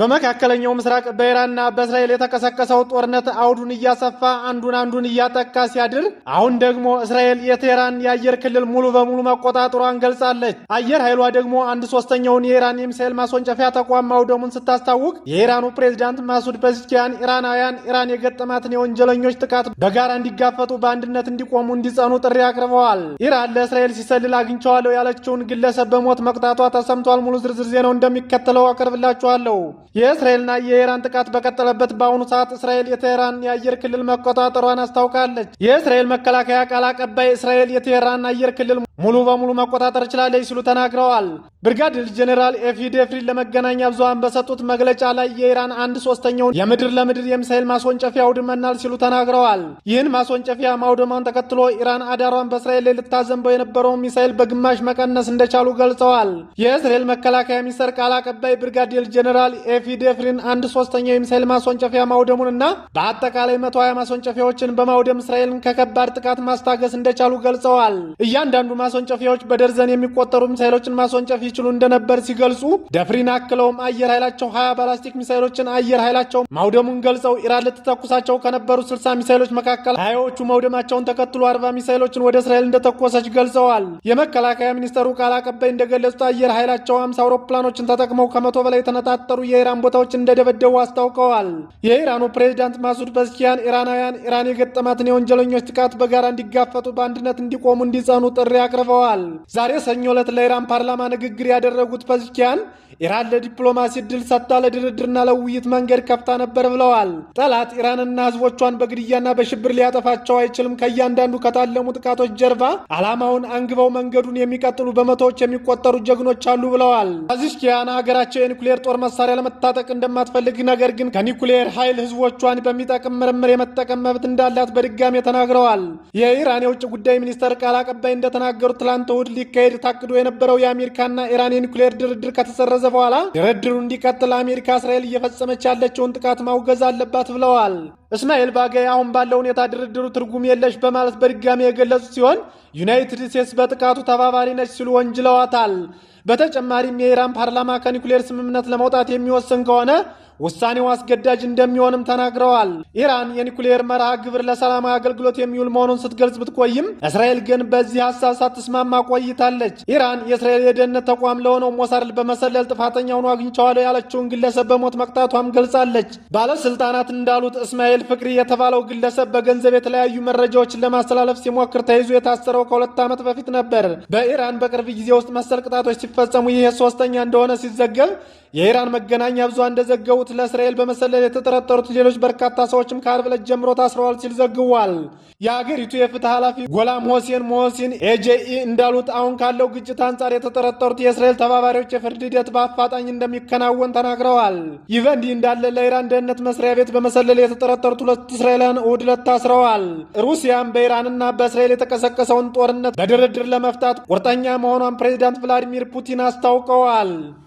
በመካከለኛው ምስራቅ በኢራንና በእስራኤል የተቀሰቀሰው ጦርነት አውዱን እያሰፋ አንዱን አንዱን እያጠቃ ሲያድር አሁን ደግሞ እስራኤል የቴህራን የአየር ክልል ሙሉ በሙሉ መቆጣጠሯን ገልጻለች። አየር ኃይሏ ደግሞ አንድ ሶስተኛውን የኢራን የሚሳኤል ማስወንጨፊያ ተቋም ማውደሙን ስታስታውቅ የኢራኑ ፕሬዚዳንት ማሱድ ፔዜሽኪያን ኢራናውያን ኢራን የገጠማትን የወንጀለኞች ጥቃት በጋራ እንዲጋፈጡ፣ በአንድነት እንዲቆሙ፣ እንዲጸኑ ጥሪ አቅርበዋል። ኢራን ለእስራኤል ሲሰልል አግኝቸዋለሁ ያለችውን ግለሰብ በሞት መቅጣቷ ተሰምቷል። ሙሉ ዝርዝር ዜናው እንደሚከተለው አቀርብላችኋለሁ። የእስራኤልና የኢራን ጥቃት በቀጠለበት በአሁኑ ሰዓት እስራኤል የቴህራን የአየር ክልል መቆጣጠሯን አስታውቃለች። የእስራኤል መከላከያ ቃል አቀባይ እስራኤል የቴህራን አየር ክልል ሙሉ በሙሉ መቆጣጠር ችላለች ሲሉ ተናግረዋል። ብርጋዴር ጄኔራል ኤፊ ደፍሪን ለመገናኛ ብዙሃን በሰጡት መግለጫ ላይ የኢራን አንድ ሶስተኛውን የምድር ለምድር የሚሳኤል ማስወንጨፊያ አውድመናል ሲሉ ተናግረዋል። ይህን ማስወንጨፊያ ማውደማን ተከትሎ ኢራን አዳሯን በእስራኤል ላይ ልታዘንበው የነበረውን ሚሳኤል በግማሽ መቀነስ እንደቻሉ ገልጸዋል። የእስራኤል መከላከያ ሚኒስቴር ቃል አቀባይ ብርጋዴር ጄኔራል ኤፊ ደፍሪን አንድ ሶስተኛው የሚሳኤል ማስወንጨፊያ ማውደሙንና በአጠቃላይ መቶ ሀያ ማስወንጨፊያዎችን በማውደም እስራኤልን ከከባድ ጥቃት ማስታገስ እንደቻሉ ገልጸዋል። እያንዳንዱ ማስወንጨፊያዎች በደርዘን የሚቆጠሩ ሚሳይሎችን ማስወንጨፍ ይችሉ እንደነበር ሲገልጹ ደፍሪን አክለውም አየር ኃይላቸው ሀያ ባላስቲክ ሚሳይሎችን አየር ኃይላቸው ማውደሙን ገልጸው ኢራን ልትተኩሳቸው ከነበሩ ስልሳ ሚሳይሎች መካከል ሀያዎቹ መውደማቸውን ተከትሎ አርባ ሚሳይሎችን ወደ እስራኤል እንደተኮሰች ገልጸዋል። የመከላከያ ሚኒስተሩ ቃል አቀባይ እንደገለጹት አየር ኃይላቸው አምሳ አውሮፕላኖችን ተጠቅመው ከመቶ በላይ የተነጣጠሩ የኢራን ቦታዎች እንደደበደቡ አስታውቀዋል። የኢራኑ ፕሬዚዳንት ማሱድ በስኪያን ኢራናውያን ኢራን የገጠማትን የወንጀለኞች ጥቃት በጋራ እንዲጋፈጡ በአንድነት እንዲቆሙ እንዲጸኑ ጥሪ አቅርበዋል። አቅርበዋል። ዛሬ ሰኞ ዕለት ለኢራን ፓርላማ ንግግር ያደረጉት ፐዝኪያን ኢራን ለዲፕሎማሲ ድል ሰጥታ ለድርድርና ለውይይት መንገድ ከፍታ ነበር ብለዋል። ጠላት ኢራንና ህዝቦቿን በግድያና በሽብር ሊያጠፋቸው አይችልም። ከእያንዳንዱ ከታለሙ ጥቃቶች ጀርባ ዓላማውን አንግበው መንገዱን የሚቀጥሉ በመቶዎች የሚቆጠሩ ጀግኖች አሉ ብለዋል። ፐዝኪያን ሀገራቸው የኒኩሌር ጦር መሳሪያ ለመታጠቅ እንደማትፈልግ ነገር ግን ከኒኩሌር ኃይል ህዝቦቿን በሚጠቅም ምርምር የመጠቀም መብት እንዳላት በድጋሜ ተናግረዋል። የኢራን የውጭ ጉዳይ ሚኒስተር ቃል አቀባይ እንደተናገ እንደተናገሩት ትላንት እሁድ ሊካሄድ ታቅዶ የነበረው የአሜሪካና ኢራን የኒኩሌር ድርድር ከተሰረዘ በኋላ ድርድሩ እንዲቀጥል አሜሪካ እስራኤል እየፈጸመች ያለችውን ጥቃት ማውገዝ አለባት ብለዋል። እስማኤል ባጋይ አሁን ባለው ሁኔታ ድርድሩ ትርጉም የለሽ በማለት በድጋሚ የገለጹት ሲሆን ዩናይትድ ስቴትስ በጥቃቱ ተባባሪ ነች ሲሉ ወንጅለዋታል። በተጨማሪም የኢራን ፓርላማ ከኒኩሌር ስምምነት ለመውጣት የሚወስን ከሆነ ውሳኔው አስገዳጅ እንደሚሆንም ተናግረዋል። ኢራን የኒኩሌየር መርሃ ግብር ለሰላማዊ አገልግሎት የሚውል መሆኑን ስትገልጽ ብትቆይም እስራኤል ግን በዚህ ሀሳብ ሳትስማማ ቆይታለች። ኢራን የእስራኤል የደህንነት ተቋም ለሆነው ሞሳርል በመሰለል ጥፋተኛ ሆኖ አግኝቸዋለሁ ያለችውን ግለሰብ በሞት መቅጣቷም ገልጻለች። ባለስልጣናት እንዳሉት እስማኤል ፍቅሪ የተባለው ግለሰብ በገንዘብ የተለያዩ መረጃዎችን ለማስተላለፍ ሲሞክር ተይዞ የታሰረው ከሁለት ዓመት በፊት ነበር። በኢራን በቅርብ ጊዜ ውስጥ መሰል ቅጣቶች ሲፈጸሙ ይህ ሶስተኛ እንደሆነ ሲዘገብ የኢራን መገናኛ ብዙሃን እንደዘገቡት ለእስራኤል በመሰለል የተጠረጠሩት ሌሎች በርካታ ሰዎችም ከአርብ ዕለት ጀምሮ ታስረዋል ሲል ዘግቧል። የአገሪቱ የፍትህ ኃላፊ ጎላም ሆሴን ሞሆሲን ኤጄኢ እንዳሉት አሁን ካለው ግጭት አንጻር የተጠረጠሩት የእስራኤል ተባባሪዎች የፍርድ ሂደት በአፋጣኝ እንደሚከናወን ተናግረዋል። ይህ በእንዲህ እንዳለ ለኢራን ደህንነት መስሪያ ቤት በመሰለል የተጠረጠሩት ሁለት እስራኤላውያን እሁድ ዕለት ታስረዋል። ሩሲያም በኢራንና በእስራኤል የተቀሰቀሰውን ጦርነት በድርድር ለመፍታት ቁርጠኛ መሆኗን ፕሬዚዳንት ቭላዲሚር ፑቲን አስታውቀዋል።